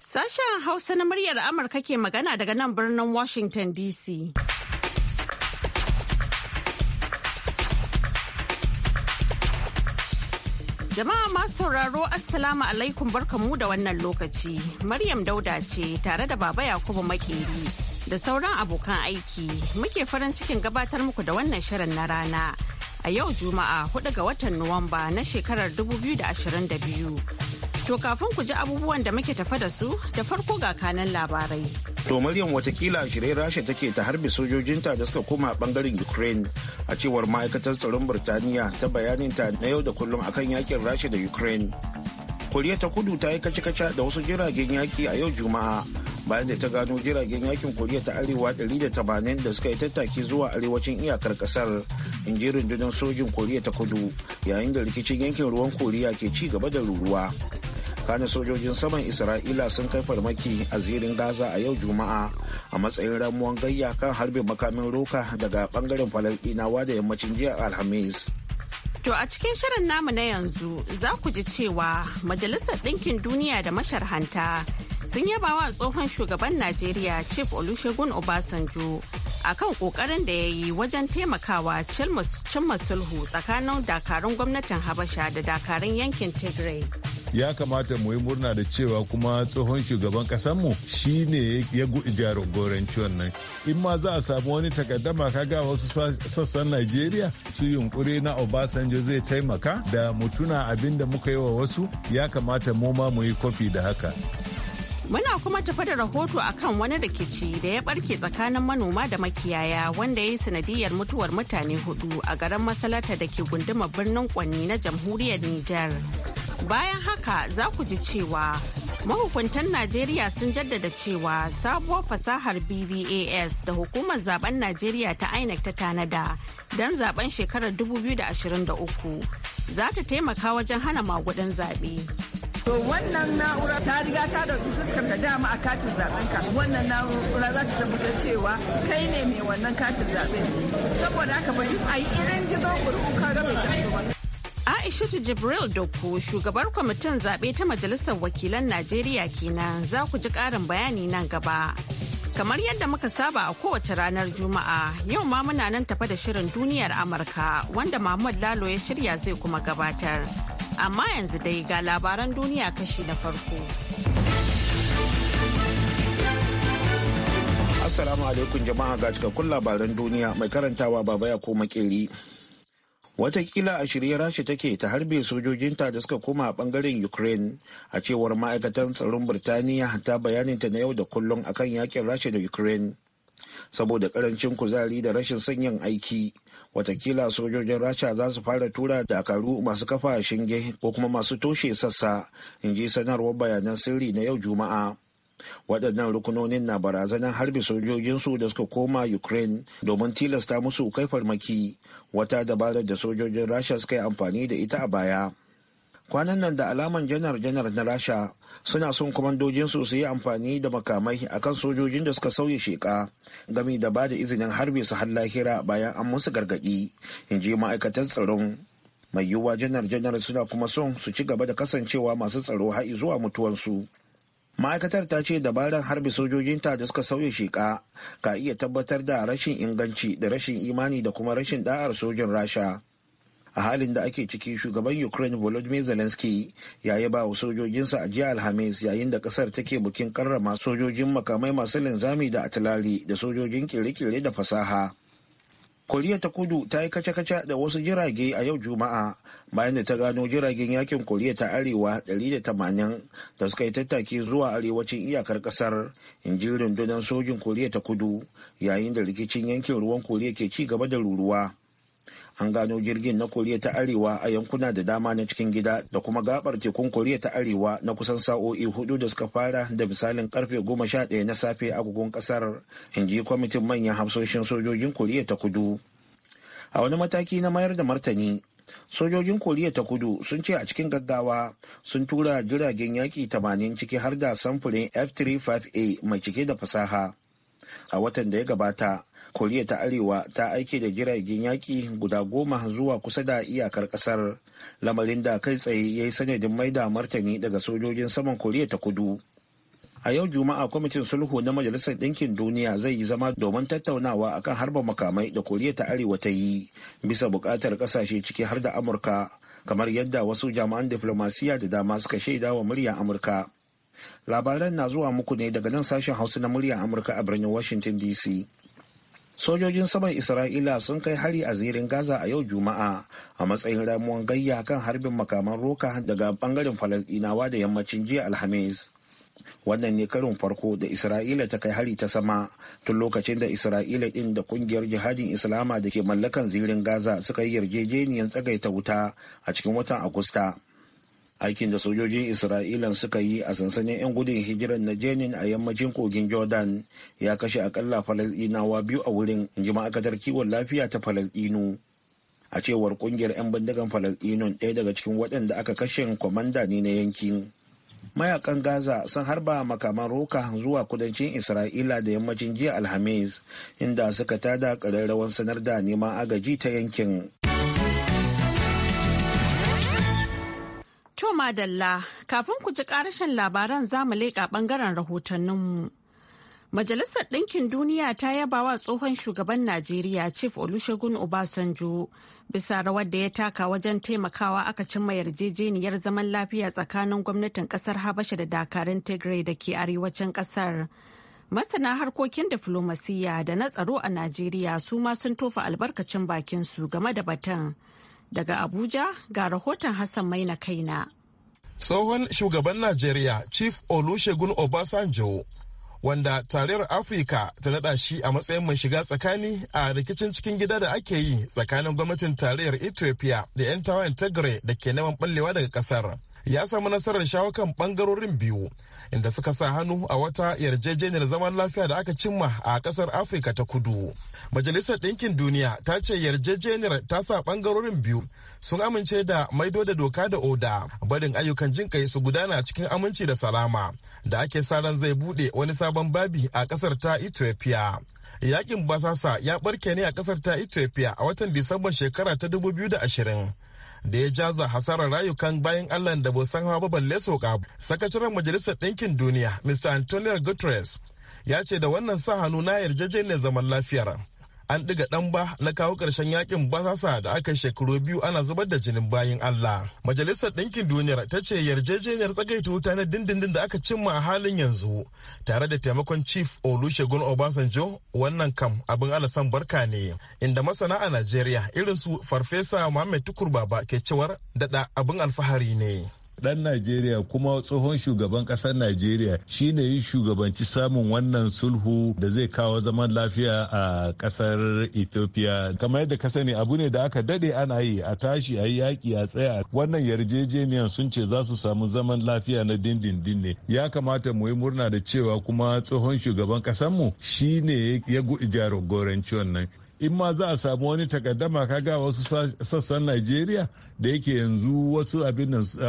Sashen Hausa na muryar Amurka ke magana daga nan birnin Washington DC. Jama'a masu sauraro Assalamu alaikum barkamu da wannan lokaci. Maryam Dauda ce tare da Baba Yakubu Makeri. da sauran abokan aiki muke farin cikin gabatar muku da wannan shirin na rana a yau juma'a 4 ga watan nuwamba na shekarar 2022 to kafin ku ji abubuwan da muke tafa da su da farko ga kanan labarai to maryam watakila shirai rasha take ta harbe sojojinta da suka koma bangaren ukraine a cewar ma'aikatar tsaron birtaniya ta bayaninta na yau da kullum akan yakin rasha da ukraine koriya ta kudu ta yi kace kaca da wasu jiragen yaki a yau juma'a bayan da ta gano jiragen yakin koriya ta arewa 180 da suka yi tattaki zuwa arewacin iyakar kasar in ji rundunar sojin koriya ta kudu yayin da rikicin yankin ruwan koriya ke ci gaba da ruruwa kana sojojin saman isra'ila sun kai farmaki a zirin gaza a yau juma'a a matsayin ramuwan gayya kan harbin makamin roka daga bangaren falastinawa da yammacin jiya alhamis To a cikin shirin namu na yanzu za ku ji cewa Majalisar Ɗinkin Duniya da masharhanta sun yaba wa tsohon shugaban najeriya chief olusegun obasanjo a kan kokarin da ya yi wajen taimakawa cimma sulhu tsakanin dakarun gwamnatin habasha da dakarun yankin tigray ya kamata mu yi murna da cewa kuma tsohon shugaban kasanmu shi ne ya jagoranci wannan in ma za a samu wani takaddama kaga wasu sassan najeriya su yunkuri na obasanjo zai taimaka da mutuna abin da muka yi wa wasu ya kamata mu ma mu yi kofi da haka Muna kuma tafa da rahoto a kan wani rikici da ya barke tsakanin manoma da makiyaya wanda ya yi sanadiyar mutuwar mutane hudu a garin masalata da ke gundumar birnin kwanni na jamhuriyar Nijar. Bayan haka za ku ji cewa mahukuntan Najeriya sun jaddada cewa sabuwar fasahar BVAS da hukumar zaben Najeriya ta INEC ta tanada don zaben shekarar 2023 za ta taimaka wajen hana magudan zaɓe. to wannan na'ura ta riga ta da fuskar ka dama a katin zaben ka wannan na'ura za ta tabbatar cewa kai ne mai wannan katin zabe saboda haka ba a yi irin gizo gurgu ka ga mai aisha Aishatu Jibril Dokko shugabar kwamitin zaɓe ta Majalisar Wakilan Najeriya kenan za ku ji ƙarin bayani nan gaba. Kamar yadda muka saba a kowace ranar Juma'a, yau ma muna nan tafa da shirin duniyar Amurka wanda Mahmud Lalo ya shirya zai kuma gabatar. Amma yanzu dai ga labaran duniya kashi na farko. Assalamu alaikum jama'a ga cikakkun labaran duniya mai karantawa baba ya koma makeri. Watakila a shirye rashi take ta harbe sojojinta da suka koma a bangaren Ukraine a cewar ma'aikatan tsaron Birtaniya ta bayaninta na yau da kullum akan yakin rashi da Ukraine. Saboda karancin kuzari da rashin sanyin aiki, watakila sojojin rasha za su fara tura dakaru masu kafa shinge ko kuma masu toshe sassa in ji sanarwar bayanan sirri na yau juma'a waɗannan rukunonin na barazanar harbi sojojinsu da suka koma ukraine domin tilasta musu kai farmaki wata dabarar da sojojin rasha suka yi amfani da ita a baya kwanan nan da alaman janar-janar na rasha suna son kwamandojin su yi amfani da makamai akan sojojin da suka sauya sheka gami da ba da izinin harbe su har lahira bayan an musu gargaɗi in ji ma'aikatan tsaron mai yiwuwa janar-janar suna kuma son su ci gaba da kasancewa masu tsaro har zuwa mutuwansu ma'aikatar ta ce dabarar harbe sojojinta da suka sauya sheka ka iya tabbatar da rashin inganci da rashin imani da kuma rashin da'ar sojin rasha a halin da ake ciki shugaban ukraine volodymyr zelensky ya yi ba wa sojojinsa a jiya alhamis yayin da kasar take bukin karrama sojojin makamai masu linzami da atilari da sojojin kere-kere da fasaha koriya ta kudu ta yi kaca kace da wasu jirage a yau juma'a bayan da ta gano jiragen yakin koriya ta arewa 180 da suka yi tattaki zuwa arewacin iyakar kasar inji rundunar sojin koriya ta kudu yayin da rikicin yankin ruwan koriya ke ci gaba da ruruwa an gano jirgin na koriya ta arewa a yankuna da dama na cikin gida da kuma gabar tekun koriya ta arewa na kusan sa'o'i hudu da suka fara da misalin karfe goma sha ɗaya na safe agogon kasar in ji kwamitin manyan hamsoshin sojojin koriya ta kudu a wani mataki na mayar da martani sojojin koriya ta kudu sun ce a cikin gaggawa sun tura jiragen yaƙi tamanin ciki har da samfurin f-35a mai cike da fasaha a watan da ya gabata koriya ta arewa ta aike da jiragen yaƙi guda goma zuwa kusa da iyakar ƙasar lamarin da kai tsaye ya yi sanadin maida martani daga sojojin saman koriya ta kudu a yau juma'a kwamitin sulhu na majalisar ɗinkin duniya zai yi zama domin tattaunawa akan harba makamai da koriya ta arewa ta yi bisa buƙatar ƙasashe ciki har da amurka kamar yadda wasu jami'an diflomasiya da dama suka shaida wa murya amurka labaran na zuwa muku ne daga nan sashen hausa na murya amurka a birnin washington dc sojojin saman isra'ila sun kai hari a zirin gaza a yau juma'a a matsayin ramuwan gayya kan harbin makaman roka daga bangaren falasdinawa da yammacin jiya alhamis wannan ne karin farko da isra'ila ta kai hari ta sama tun lokacin da isra'ila din da kungiyar jihadin islama da ke mallakan zirin gaza suka yi yarjejeniyar tsagaita wuta a cikin watan agusta aikin da sojojin isra'ila suka yi a sansanin 'yan gudun hijirar na jenin a yammacin kogin jordan ya kashe akalla falasdinawa biyu a wurin ji ma'aikatar kiwon lafiya ta falasdinu a cewar kungiyar 'yan bindigan falasdinun ɗaya daga cikin waɗanda aka kashe kwamanda ne na yankin mayakan gaza sun harba makaman roka zuwa kudancin isra'ila da yammacin jiya alhamis inda suka tada ƙararrawan sanar da neman agaji ta yankin To madalla kafin ku ji karashin labaran zamu leƙa ɓangaren rahotanninmu. Majalisar Ɗinkin Duniya ta yaba wa tsohon shugaban Najeriya Chief Olusegun Obasanjo bisa rawar da ya taka wajen taimakawa aka cimma yarjejeniyar zaman lafiya tsakanin gwamnatin ƙasar Habasha da dakarun Tigray da ke arewacin ƙasar. Masana harkokin diflomasiyya da na tsaro a Najeriya su ma sun tofa albarkacin bakinsu game da batun. Daga Abuja ga rahoton Hassan mai Maina kaina. Tsohon shugaban Najeriya Chief Olusegun Obasanjo wanda tarayyar Afrika ta nada shi a matsayin mai shiga tsakani a rikicin cikin gida da ake yi tsakanin gwamnatin tarayyar Ethiopia da 'yan tawayen Tigray da ke neman ballewa daga ƙasar. ya samu nasarar shawo kan bangarorin biyu inda suka sa hannu a wata yarjejeniyar zaman lafiya da aka cimma a kasar afirka ta kudu majalisar ɗinkin duniya ta ce yarjejeniyar ta sa bangarorin biyu sun amince da maido da doka da oda barin ayyukan jinkai su gudana cikin aminci da salama da ake sa ran zai bude wani sabon babi a kasar ta ethiopia yakin basasa ya barke ne a kasar ta ethiopia a watan disamban shekara ta dubu biyu da ashirin. da ya jaza hasarar rayukan bayan allah da bai san hawa balle soka sakataren majalisar ɗinkin duniya mr antonio guterres ya ce da wannan sa hannu na yarjejeniyar zaman lafiyar an ɗiga ɗan ba na kawo ƙarshen yakin basasa da aka shekaru biyu ana zubar da jinin bayan Allah. Majalisar Ɗinkin Duniyar ta ce yarjejeniyar tsagaita wuta na dindindin da aka cimma a halin yanzu tare da taimakon Chief Olusegun Obasanjo wannan kam abin alasan barka ne inda masana a Najeriya irin su Farfesa Muhammad Tukur Baba ke cewar daɗa abin alfahari ne. dan Najeriya kuma tsohon shugaban kasar Najeriya shine ne shugabanci samun wannan sulhu da zai kawo zaman lafiya a kasar Ethiopia. Kamar yadda ka sani abu ne da aka dade ana yi a tashi a yi yaki a tsaya. Wannan yarjejeniyan sun ce za su samu zaman lafiya na dindindin ne. Ya kamata mu yi murna da cewa kuma tsohon shugaban mu shi ne ya jagoranci wannan. in ma za a samu wani takaddama kaga wasu sassan najeriya da yake yanzu wasu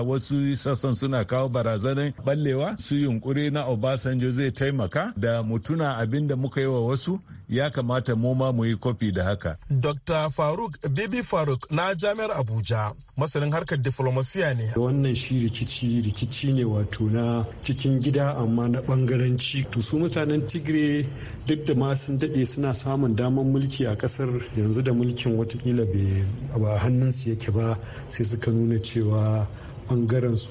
wasu sassan suna kawo barazanar ballewa su yunkuri na obasanjo zai taimaka da mutuna abinda muka yi wa wasu ya kamata mu ma mu yi kofi da haka dr faruk bibi faruk na jami'ar abuja masanin harkar diflomasiya ne wannan shi rikici rikici ne wato na cikin gida amma na bangaranci to su mutanen tigre duk da ma sun daɗe suna samun damar mulki a a kasar yanzu da mulkin watakila ba hannunsu yake ba sai suka nuna cewa bangaren su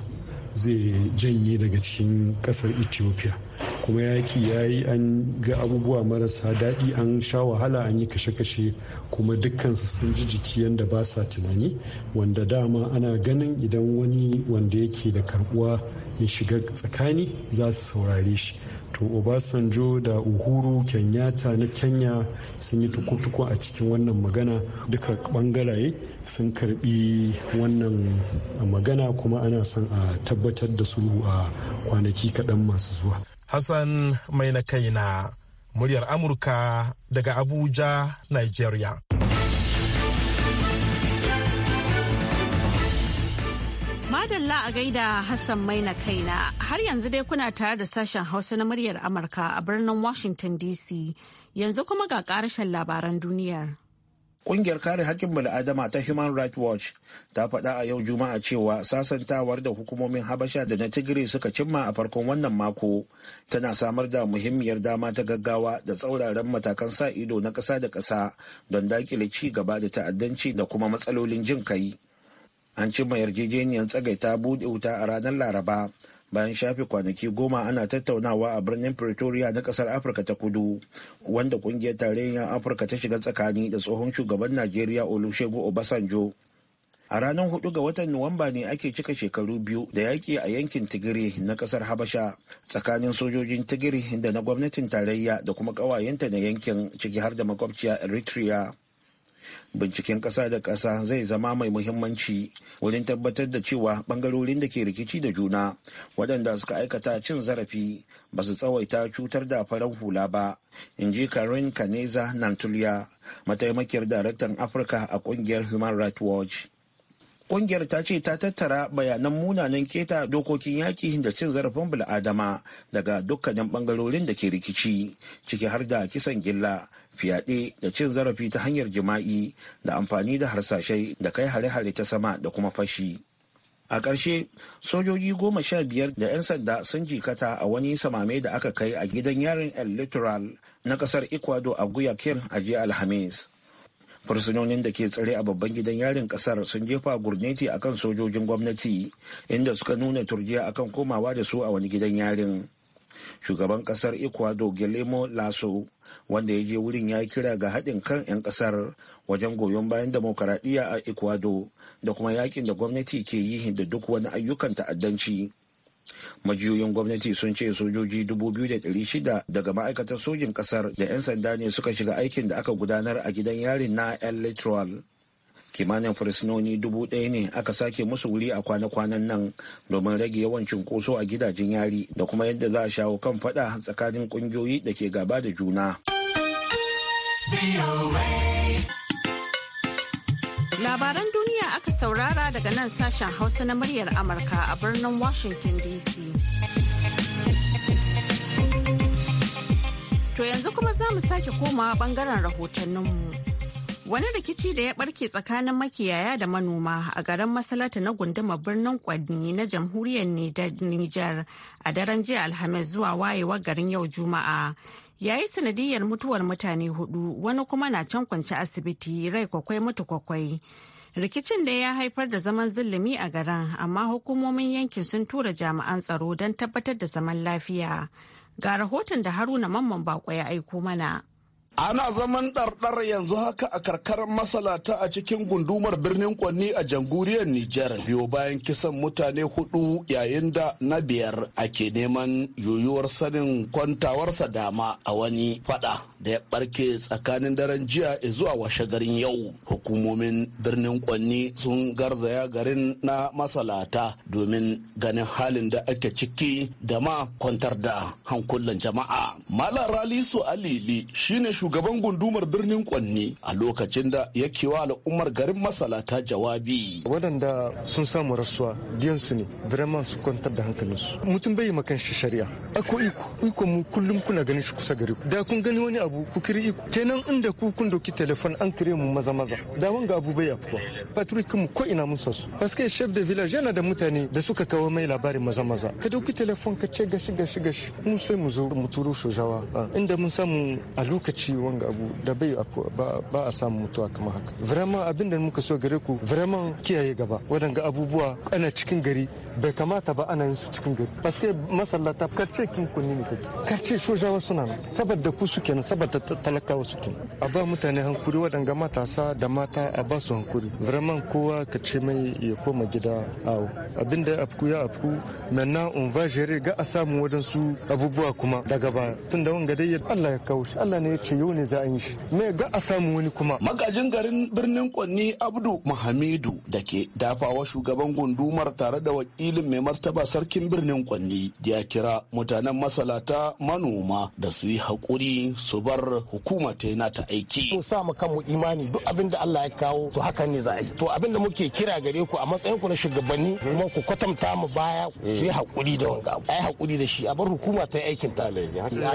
zai janye daga cikin kasar ethiopia kuma yaki ya yi an ga abubuwa marasa daɗi an sha wahala an yi kashe-kashe kuma dukkansu sun ji jiki yadda ba sa tunani wanda dama ana ganin idan wani wanda yake da karbuwa ya shiga tsakani za su saurare shi to obasanjo da uhuru kenyatta na kenya sun yi tukutuku a cikin wannan magana duka bangaraye sun karbi wannan magana kuma ana son a tabbatar da su a kwanaki kaɗan masu zuwa hassan mai na kai na muryar amurka daga abuja nigeria za a gaida Hassan Maina kaina har yanzu dai kuna tare da sashen Hausa na muryar Amurka a birnin Washington DC yanzu kuma ga karashen labaran duniyar. Kungiyar kare hakkin bala'adama ta Human Rights Watch ta faɗa a yau Juma'a cewa sasantawar da hukumomin Habasha da na Tigray suka cimma a farkon wannan mako tana samar da muhimmiyar dama ta gaggawa da tsauraran matakan sa ido na ƙasa da ƙasa don dakile ci gaba da ta'addanci da kuma matsalolin jin kai. an ci mai yarjejeniyar tsagaita buɗe wuta a ranar laraba bayan shafe kwanaki goma ana tattaunawa a birnin pretoria na kasar afirka ta kudu wanda kungiyar tarayyar afirka ta shiga tsakani da tsohon shugaban najeriya olusegun obasanjo a ranar hudu ga watan nuwamba ne ake cika shekaru biyu da yaƙi a yankin tigiri na kasar habasha tsakanin sojojin tigiri da na gwamnatin tarayya da kuma ƙawayenta na yankin ciki har da makwabciya eritrea binciken ƙasa da ƙasa zai zama mai muhimmanci wurin tabbatar da cewa ɓangarorin da ke rikici da juna waɗanda suka aikata cin zarafi ba su tsawaita cutar da farar hula ba in ji karin kaneza nantuliya mataimakiyar daraktan afirka a ƙungiyar human rights watch ƙungiyar ta ce ta tattara bayanan munanan keta dokokin yaƙi da cin zarafin bil'adama daga dukkanin bangarorin da ke rikici ciki har da kisan gilla fyaɗe da cin zarafi ta hanyar jima'i da amfani da harsashai da kai hare-hare ta sama da kuma fashi. A ƙarshe, sojoji goma sha biyar da 'yan sanda sun jikata a wani samame da aka kai a gidan yarin El Litoral na ƙasar Ecuador a Guayaquil a jiya Alhamis. Fursunonin da ke tsare a babban gidan yarin ƙasar sun jefa gurneti akan sojojin gwamnati, inda suka nuna turjiya akan komawa da su a wani gidan yarin. shugaban kasar ecuador guillermo laso wanda ya je wurin ya kira ga haɗin kan 'yan kasar wajen goyon bayan demokaradiyya a ecuador da kuma yakin da gwamnati ke yi da duk wani ayyukan ta'addanci majiyoyin gwamnati sun ce sojoji 2,600 daga ma'aikatar sojin kasar da 'yan sanda ne suka shiga aikin da aka gudanar a gidan yarin na el kimanin fursunoni dubu ɗaya ne aka sake musu wuri a kwana-kwanan nan domin rage yawan cunkoso a gidajen yari da kuma yadda za a shawo kan fada tsakanin ƙungiyoyi da ke gaba da juna. Labaran duniya aka saurara daga nan sashen Hausa na muryar Amurka a birnin Washington DC. To yanzu kuma za mu sake komawa bangaren rahotanninmu. Wani rikici da ya barke tsakanin makiyaya da manoma a garin Masalata na gunduma birnin Kwadni na jamhuriyar Nijar a daren jiya Alhamis zuwa wayewar garin yau Juma'a. Ya yi sanadiyar mutuwar mutane hudu wani kuma na can kwanci asibiti rai kwakwai mutu kwakwai. Rikicin da ya haifar da zaman zulumi a garin amma hukumomin yankin sun tura jami'an tsaro don tabbatar da zaman lafiya. Ga rahoton da Haruna Mamman Bako ya aiko mana. Ana zaman ɗarɗar yanzu haka a karkarar masalata a cikin gundumar birnin Kwanni a jamhuriyar Nijar biyo bayan kisan mutane hudu yayin da na biyar ake neman yoyuwar sanin kwantawarsa dama a wani fada da ya ɓarke tsakanin daren jiya zuwa washe garin yau. Hukumomin birnin Kwanni sun garzaya garin na masalata domin ganin halin da ake ciki da ma kwantar da hankulan jama'a. Malam Ralisu Alili shine shugaban gundumar birnin Kwanni a lokacin da ya kewa al'ummar garin masala ta jawabi. Waɗanda sun samu rasuwa diyansu ne vraiment su kwantar da hankalinsu. Mutum bai makan shi shari'a. Ako iko iko mu kullum kuna ganin shi kusa gari Da kun gani wani abu ku kiri iko. Kenan inda ku kun doki telefon an kire mu maza maza. Da wanga abu bai afkuwa. Patrick mu ko ina mun sasu. Paske chef de village yana da mutane da suka kawo mai labarin maza maza. Ka dauki telefon ka ce gashi gashi gashi. Mun sai mu zo mu turo shojawa. Inda mun samu a lokaci shi wanga abu da bai ba a samu mutuwa kamar haka vraiment abin da muka so gare ku vraiment kiyaye gaba wadanga abubuwa ana cikin gari bai kamata ba ana yin su cikin gari paske masallata karce kin kunni ne kake karce sojawa suna nan saboda ku suke nan saboda talakawa suke a ba mutane hankuri wadanga matasa da mata a ba su hankuri vraiment kowa ka ce mai ya koma gida awo abin da ya afku ya afku maintenant on va gérer ga a samu wadansu abubuwa kuma daga ba tunda wanga dai Allah ya kawo shi Allah ne ya ce yau ne za a yi shi me ga a samu wani kuma magajin garin birnin kwanni abdu Mahamedu da ke dafawa shugaban gundumar tare da wakilin mai martaba sarkin birnin kwanni ya kira mutanen masalata manoma da su yi haƙuri su bar hukuma ta yana ta aiki in sa mu kanmu imani duk abin da Allah ya kawo to haka ne za a yi to abin da muke kira gare ku a matsayin ku na shugabanni kuma ku kwatanta mu baya su yi hakuri da wanga ai haƙuri da shi a bar hukuma ta yi aikin ta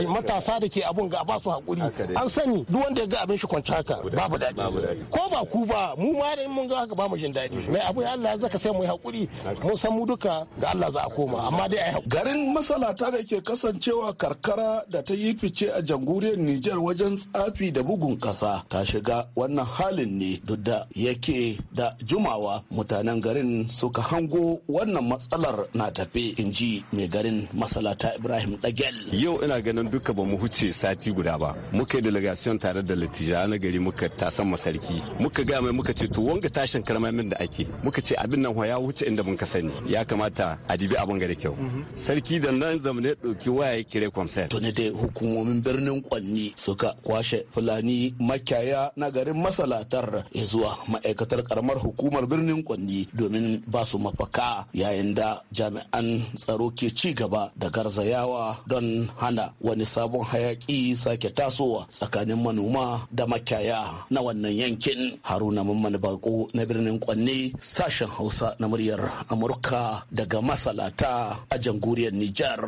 matasa da ke abun ga ba su haƙuri an sani duk wanda ya ga abin shi kwanci haka babu daɗi ko ba ku ba mu ma da mun ga haka ba mu jin daɗi mai abu ya Allah zaka sai mu yi hakuri mu san mu duka ga Allah za a koma amma dai ai garin masalata da ke kasancewa karkara da ta yi fice a jamhuriyar Nijar wajen tsafi da bugun kasa ta shiga wannan halin ne duk da yake da jumawa mutanen garin suka hango wannan matsalar na tafe inji mai garin masalata Ibrahim Dagel yau ina ganin duka ba mu huce sati guda ba muke da delegation tare da latija na gari muka san masarki muka ga mai muka ce to wanga tashin karmamin da ake muka ce abin nan ya wuce inda mun ka sani ya kamata a dibi abin gari kyau mhm. sarki da nan zamane dauki waya ya kire komsai to ne dai hukumomin birnin kwanni suka kwashe fulani makiyaya na garin masalatar ya zuwa ma'aikatar karamar hukumar birnin kwanni domin ba su mafaka yayin da jami'an tsaro ke ci gaba da garzayawa don hana wani sabon hayaki sake tasowa tsakanin manoma da makiyaya na wannan yankin haruna mamman bako na birnin kwanne sashen hausa na muryar amurka daga masalata a janguriyar nijar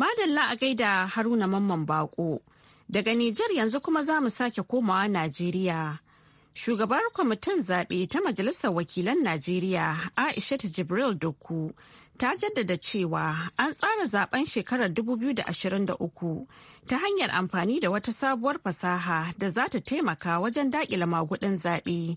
madalla a gaida haruna mamman bako daga nijar yanzu kuma za mu sake komawa najeriya shugabar kwamitin zaɓe ta majalisar wakilan najeriya aisha jibril doku ta jaddada cewa an tsara zaben shekarar 2023 ta hanyar amfani da wata sabuwar fasaha da za ta taimaka wajen daƙila magudan zaɓe.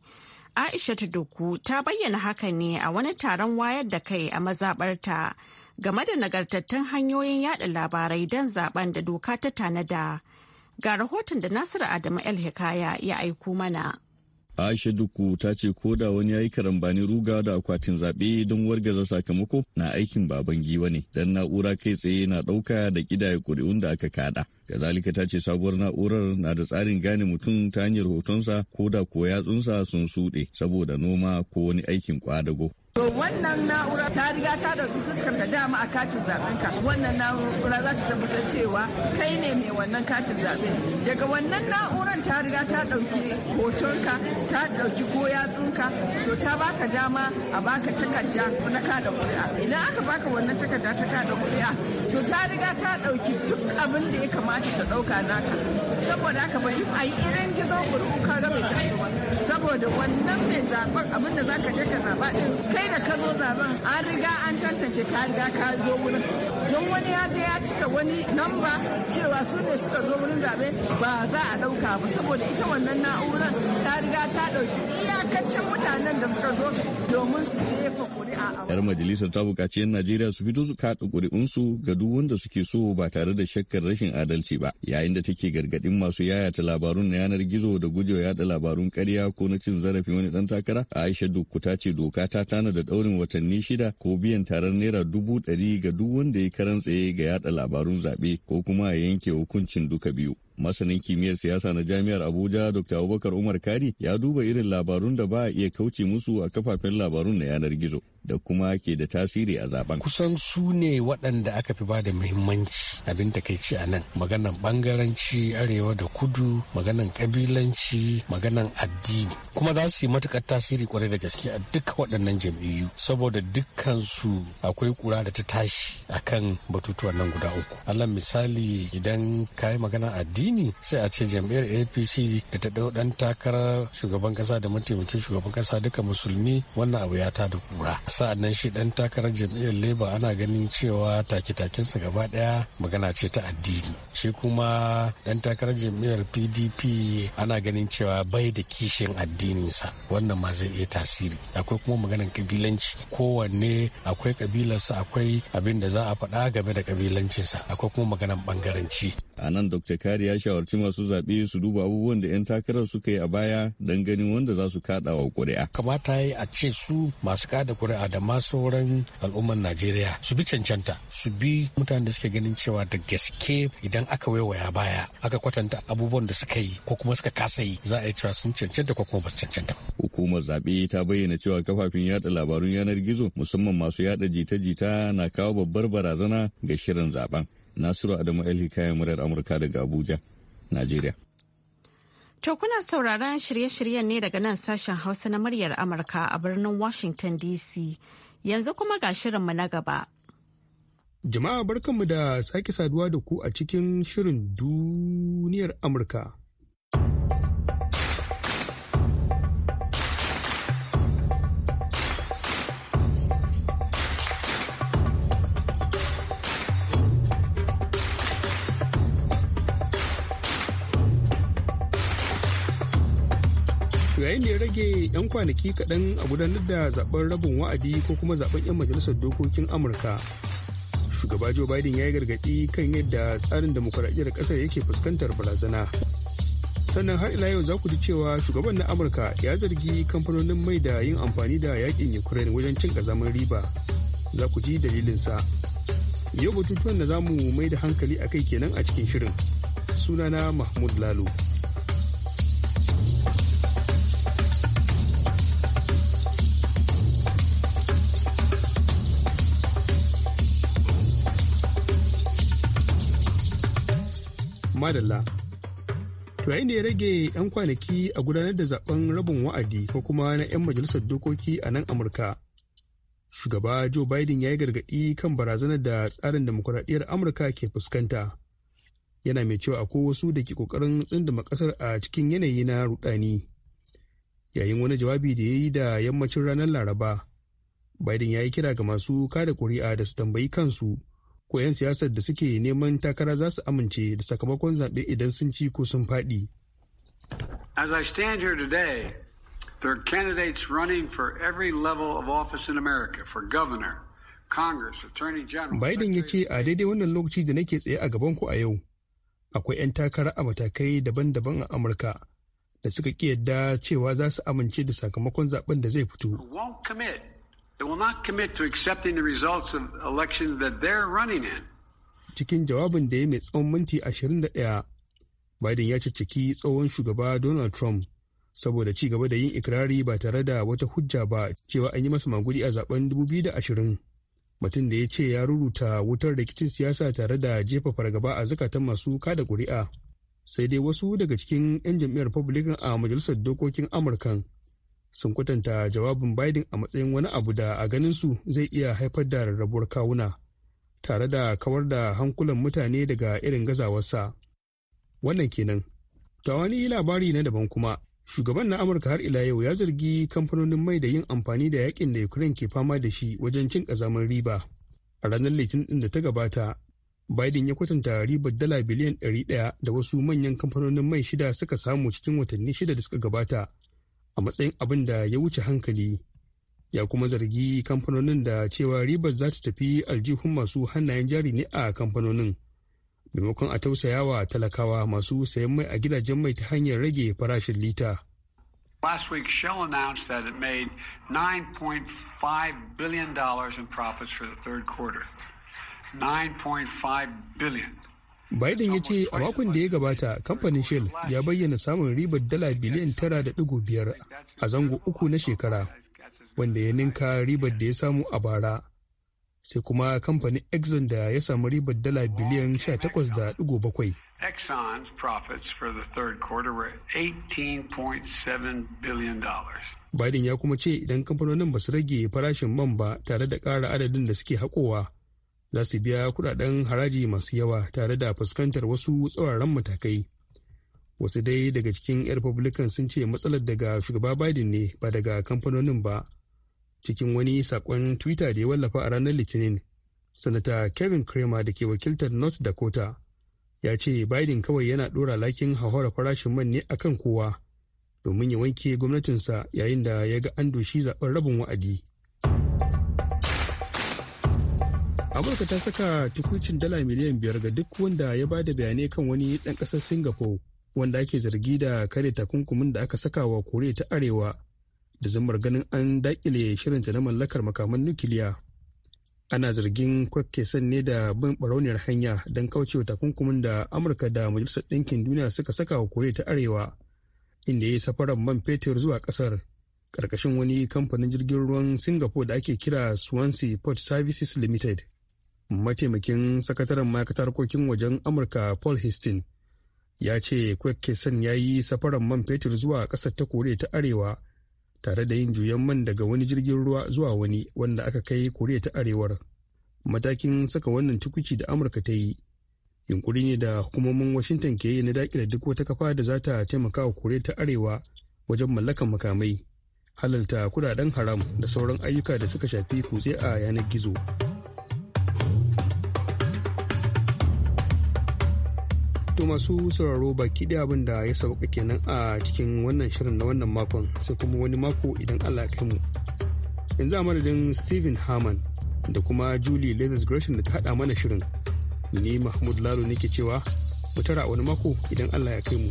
Aisha ta Doku ta bayyana haka ne a wani taron wayar da kai a mazaɓarta game da nagartattun hanyoyin yada labarai don zaben da doka ta tanada. Ga rahoton da Nasiru Adamu El Hikaya ya aiko mana. Aisha dukku ta ce ko da wani ya yi karambani ruga da akwatin zaɓe don wargaza sakamako na aikin baban giwa ne don na'ura kai tsaye na ɗauka da ƙidaya ƙuri'un da aka kaɗa. Kazalika ta ce sabuwar na'urar na da tsarin gane mutum ta hanyar hotonsa ko da ko yatsunsa sun suɗe saboda noma ko wani aikin kwadago. To wannan na'ura ta riga ta ɗauki fuskar da dama a katin zaben ka. Wannan na'ura za ta tabbatar cewa kai ne mai wannan katin zaɓe. Daga wannan na'uran ta riga ta ɗauki hotonka, ta ɗauki ko to ta baka dama a baka takarda na kada kuri'a. Idan aka baka wannan takarda ta kada kuri'a, to ta riga ta ɗauki duk abin da ya kamata kamata ta ɗauka naka saboda haka ba duk a yi irin gizo guru ka ga bai taso ba saboda wannan mai zaɓen abin da zaka je ka zaba din kai da ka zo zaben an riga an tantance ka riga ka zo wurin don wani ya je ya cika wani namba cewa su ne suka zo wurin zabe ba za a ɗauka ba saboda ita wannan na'urar ta riga ta ɗauki iyakacin mutanen da suka zo domin su jefa ƙuri'a a yar majalisar ta buƙaci 'yan najeriya su fito su kaɗa ƙuri'unsu ga duk wanda suke so ba tare da shakkar rashin adalci dace ba yayin da take gargadin masu yayata labarun na yanar gizo da gujewa yada labarun karya ko na cin zarafi wani dan takara aisha dukku ta ce doka ta tana da daurin watanni shida ko biyan taron naira dubu ɗari ga duk wanda ya karan tsaye ga yada labarun zaɓe ko kuma a yanke hukuncin duka biyu masanin kimiyyar siyasa na jami'ar abuja dr abubakar umar kari ya duba irin labarun da ba a iya kauce musu a kafafen labarun na yanar gizo da kuma ke da tasiri a zaben. Kusan su ne waɗanda aka fi ba da muhimmanci abin takaici a nan. Maganan bangaranci arewa da kudu, maganan kabilanci, maganan addini. Kuma za su yi matukar tasiri kwarai da gaske a duka waɗannan jam'iyyu saboda dukkansu akwai kura da ta tashi akan batutuwan nan guda uku. Allah misali idan ka yi maganan addini addini sai a ce jam'iyyar apc da ta ɗau ɗan takarar shugaban ƙasa da mataimakin shugaban ƙasa duka musulmi wannan abu ya ta da kura sa'annan shi ɗan takarar jam'iyyar labour ana ganin cewa take-takensa gaba ɗaya magana ce ta addini shi kuma dan takarar jam'iyyar pdp ana ganin cewa bai da kishin addininsa wannan ma zai iya tasiri akwai kuma maganar kabilanci kowanne akwai kabilarsa akwai abin da za a faɗa game da kabilancinsa akwai kuma maganar bangaranci a nan dr kariya shawarci masu zaɓe su duba abubuwan da 'yan takarar suka yi a baya don ganin wanda za su kaɗa wa ƙuri'a. Kamata ya a ce su masu kada ƙuri'a da ma sauran al'ummar Najeriya su bi cancanta su bi mutanen da suke ganin cewa da gaske idan aka waiwaya baya aka kwatanta abubuwan da suka yi ko kuma suka kasa yi za a yi cewa sun cancanta ko kuma ba su cancanta. Hukumar zaɓe ta bayyana cewa kafafen yada labarun yanar gizo musamman masu yaɗa jita-jita na kawo babbar barazana ga shirin zaben. Nasiru Adamu El kayan murar Amurka daga Abuja, Najeriya. To kuna sauraron shirye-shiryen ne daga nan sashen Hausa na muryar Amurka a birnin Washington DC. Yanzu kuma ga shirinmu na gaba. Jama'a barkanmu da sake saduwa da ku a cikin shirin duniyar Amurka. yayin da ya rage 'yan kwanaki kaɗan a gudanar da zaben rabin wa'adi ko kuma zaben 'yan majalisar dokokin amurka shugaba joe biden ya yi gargaɗi kan yadda tsarin demokuraɗiyyar ƙasar yake fuskantar barazana sannan har ila yau za ku ji cewa shugaban na amurka ya zargi kamfanonin mai da yin amfani da yakin ukraine wajen cin ƙazamin riba za ku ji dalilinsa yau batutuwan da za mu mai da hankali a kai kenan a cikin shirin sunana mahmud lalo madalla to yayin da ya rage 'yan kwanaki a gudanar da zaben rabin wa'adi ko kuma na 'yan majalisar dokoki a nan amurka shugaba joe biden ya yi gargaɗi kan barazanar da tsarin demokuraɗiyar amurka ke fuskanta yana mai cewa ko wasu da ke ƙoƙarin tsindima ƙasar a cikin yanayi na rudani yayin wani jawabi da ya yi da yammacin ranar laraba biden ya yi kira ga masu kada ƙuri'a da su tambayi kansu ko 'yan siyasar da suke neman takara za su amince da sakamakon zaɓe idan sun ci ko sun faɗi. As I stand here today, there are candidates running for every level of office in America, for governor, Congress, Attorney General. Biden ya ce a daidai wannan lokaci da nake tsaye a gaban ku a yau, akwai 'yan takara a matakai daban-daban a Amurka da suka ƙi yadda cewa za su amince da sakamakon zaɓen da zai fito. Cikin jawabin da ya mai tsawon minti 21, Biden ya cicciki tsohon shugaba Donald Trump saboda ci gaba da yin ikirari ba tare da wata hujja ba cewa an yi masa magudi a zaben 2020. Mutum da ya ce ya rubuta wutar rikicin siyasa tare da jefa fargaba a zukatan masu kada kuri'a Sai dai wasu daga cikin 'yan jam'iyyar Republican a Majalisar Dokokin Amurkan sun kwatanta jawabin Biden a matsayin wani abu da a ganin su zai iya haifar da rarrabuwar kawuna tare da kawar da hankulan mutane daga irin gazawarsa. Wannan kenan. Da wani labari na daban kuma, shugaban na Amurka har ila yau ya zargi kamfanonin mai da yin amfani da yakin da Ukraine ke fama da shi wajen cin ƙazamin riba. A ranar Litinin ɗin da ta gabata, Biden ya kwatanta ribar dala biliyan 100 da wasu manyan kamfanonin mai shida suka samu cikin watanni shida da suka gabata. a matsayin abin da ya wuce hankali ya kuma zargi kamfanonin da cewa ribar za ta tafi aljihun masu hannayen jari ne a kamfanonin maimakon a tausaya wa talakawa masu sayan mai a gidajen mai ta hanyar rage farashin lita. Last week, Shell announced that it made $9.5 billion in profits for the third quarter. $9.5 billion. Biden ya ce a makon da ya gabata kamfanin Shell ya bayyana samun ribar dala biliyan tara da digo biyar a zango uku na shekara wanda ya ninka ribar da ya samu a bara. Sai kuma kamfanin Exxon da ya samu ribar dala biliyan sha takwas da digo bakwai. Exxon's profits for the third quarter were $18.7 billion. Biden ya kuma ce idan kamfanonin ba su rage farashin man ba tare da ƙara adadin da suke haƙowa. za su biya kudaden haraji masu yawa tare da fuskantar wasu tsauraran matakai wasu dai daga cikin 'yan republican sun ce matsalar daga shugaba biden ne ba daga kamfanonin ba cikin wani saƙon twitter da ya wallafa a ranar litinin sanata kevin kramer da ke wakiltar north dakota ya ce biden kawai yana ɗora lakin hahora farashin man ne kan kowa domin ya wanke gwamnatinsa yayin da ya ga an doshi zaben rabin wa'adi amurka ta saka tukucin dala miliyan biyar ga duk wanda ya ba da bayanai kan wani dan ƙasar singapore wanda ake zargi da kare takunkumin da aka saka wa koriya ta arewa da zumar ganin an daƙile shirinta na mallakar makaman nukiliya ana zargin san ne da bin barauniyar hanya don kaucewa takunkumin da amurka da majalisar ɗinkin duniya suka saka wa koriya ta arewa inda ya yi safarar man fetur zuwa ƙasar ƙarƙashin wani kamfanin jirgin ruwan singapore da ake kira swansea port services limited mataimakin sakataren ma'aikatar harkokin wajen amurka paul histin ya ce kwekkesan ya yi safaran man fetur zuwa ƙasar ta koriya ta arewa tare da yin juyan man daga wani jirgin ruwa zuwa wani wanda aka kai koriya ta arewar matakin saka wannan tukuci da amurka ta yi yunkuri ne da hukumomin washington ke yi na dakile duk wata kafa da za ta taimaka wa koriya ta arewa wajen mallakan makamai halalta kudaden haram da sauran ayyuka da suka shafi kutse a yanar gizo. to masu sauraro baki da abin da ya sauka kenan a cikin wannan shirin na wannan makon sai kuma wani mako idan allah ya mu yanzu a madadin stephen harman da kuma julie leathers gresham da ta haɗa mana shirin ni mahmud lalo nake cewa mu tara wani mako idan allah ya kai mu.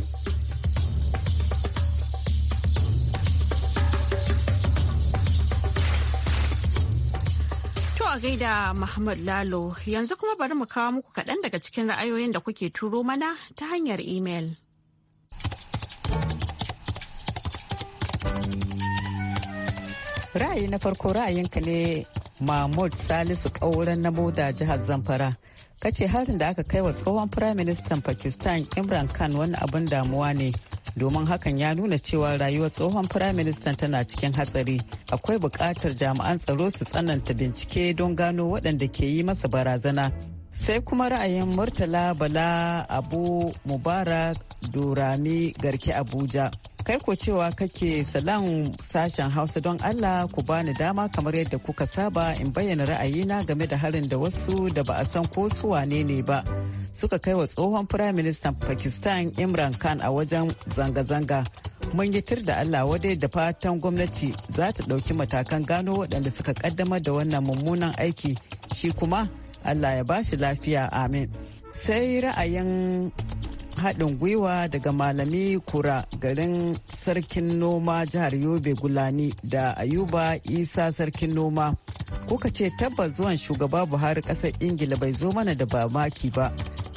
a gaida Muhammad Lalo yanzu kuma bari mu kawo muku kaɗan daga cikin ra'ayoyin da kuke turo mana ta hanyar imel. Ra'ayi na farko ra'ayinka ne Mahmud Salisu ƙauren na Boda jihar Zamfara. Kace harin da aka kai wa tsohon Firaministan Pakistan Imran Khan wani abin damuwa ne. domin hakan ya nuna cewa rayuwar tsohon firaministan tana cikin hatsari akwai bukatar jami'an tsaro su tsananta bincike don gano waɗanda ke yi masa barazana sai kuma ra'ayin murtala bala abu mubarak durami garki abuja kai ko cewa kake salam sashen hausa don allah ku bani dama kamar yadda kuka saba in bayyana ra'ayina game da harin da wasu da ba a san ko su wane ne ba suka kai wa tsohon prime minister pakistan imran khan a wajen zanga-zanga mun yi tir da allah wadai da fatan gwamnati za ta ɗauki matakan gano waɗanda suka ƙaddamar da wannan mummunan aiki shi kuma allah ya bashi lafiya amin sai ra'ayin haɗin gwiwa daga malami kura garin sarkin noma jihar yobe gulani da ayuba isa sarkin noma kuka ce tabbas zuwan shugaba buhari ƙasar ingila bai zo mana da bamaki ba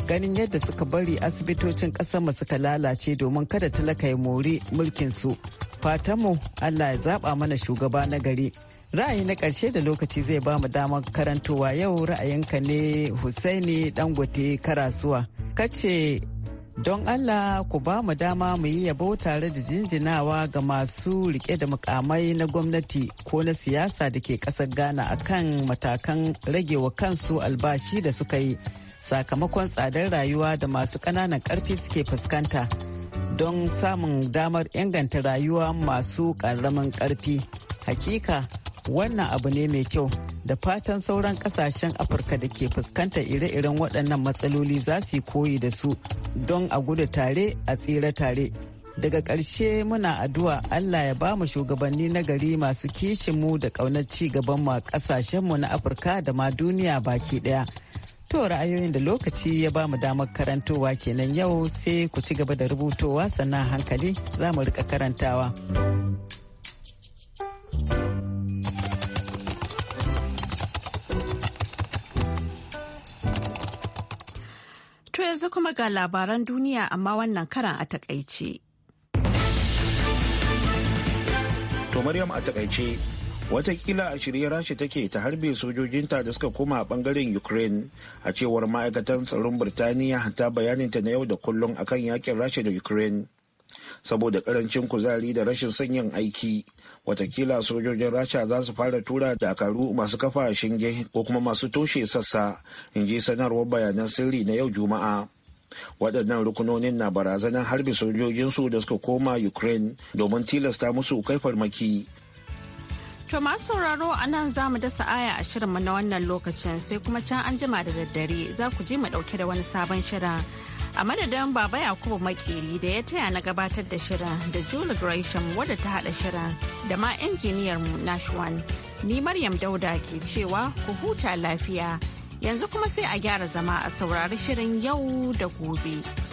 ganin yadda suka bari asibitocin ƙasar suka lalace domin kada talaka ya mori mulkinsu fatanmu allah ya zaɓa mana shugaba na gari ra'ayi na ƙarshe da lokaci zai ba mu damar karantowa yau ra'ayinka ne husaini dangote karasuwa kace don allah ku ba mu dama mu yi yabo tare da jinjinawa ga masu rike da mukamai na gwamnati ko na siyasa da ke ƙasar ghana akan matakan rage wa kansu albashi da suka yi sakamakon tsadar rayuwa da masu ƙananan ƙarfi suke fuskanta don samun damar inganta rayuwa masu ƙaramin ƙarfi hakika wannan abu ne mai kyau da fatan sauran kasashen afirka da ke fuskantar ire-iren waɗannan matsaloli za su koyi da su don a gudu tare a tsira tare daga ƙarshe muna addu'a allah ya ba mu shugabanni na gari masu mu da ƙaunar ci gaban mu a ƙasashenmu na afirka da ma duniya baki ɗaya to ra'ayoyin da lokaci ya ba mu damar karantowa kenan yau sai ku ci gaba da rubutowa sannan hankali za mu rika karantawa. yanzu kuma ga labaran duniya amma wannan karan a takaice. To Maryam a takaice watakila a shirye rashi take ta harbe sojojinta da suka koma a bangaren ukraine a cewar ma'aikatan tsaron birtaniya ta bayaninta na yau da kullum akan yakin rasha da ukraine saboda karancin kuzari da rashin sanyin aiki watakila sojojin rasha za su fara tura dakaru masu kafa shinge ko kuma masu toshe sassa in ji sanarwar bayanan sirri na yau juma'a waɗannan rukunonin na barazanar harbi sojojinsu da suka koma ukraine domin tilasta musu kai farmaki To masu sauraro a nan za mu dasa aya a shirinmu na wannan lokacin sai kuma can an jima da daddare za ku ji mu ɗauke da wani sabon shirin. a madadin baba yakubu makeri da ya taya na gabatar da shirin da julie gresham wadda ta hada shirin da ma injiniyar mu nashwan ni maryam dauda ke cewa ku huta lafiya yanzu kuma sai a gyara zama a saurari shirin yau da gobe.